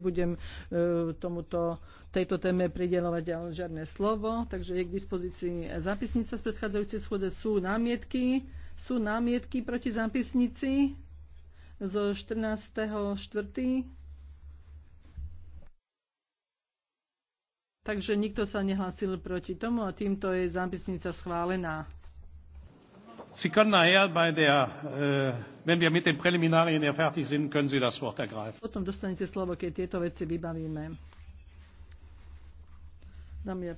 budem e, tomuto, tejto téme pridelovať žiadne slovo, takže je k dispozícii zápisnica z predchádzajúcej schode. Sú námietky, sú námietky proti zápisnici zo 14.4. Takže nikto sa nehlásil proti tomu a týmto je zápisnica schválená sie können nachher bei der äh, wenn wir mit den präliminarien ja fertig sind können sie das wort ergreifen. potom dostanete slovo keď tieto veci vybavíme. Dám a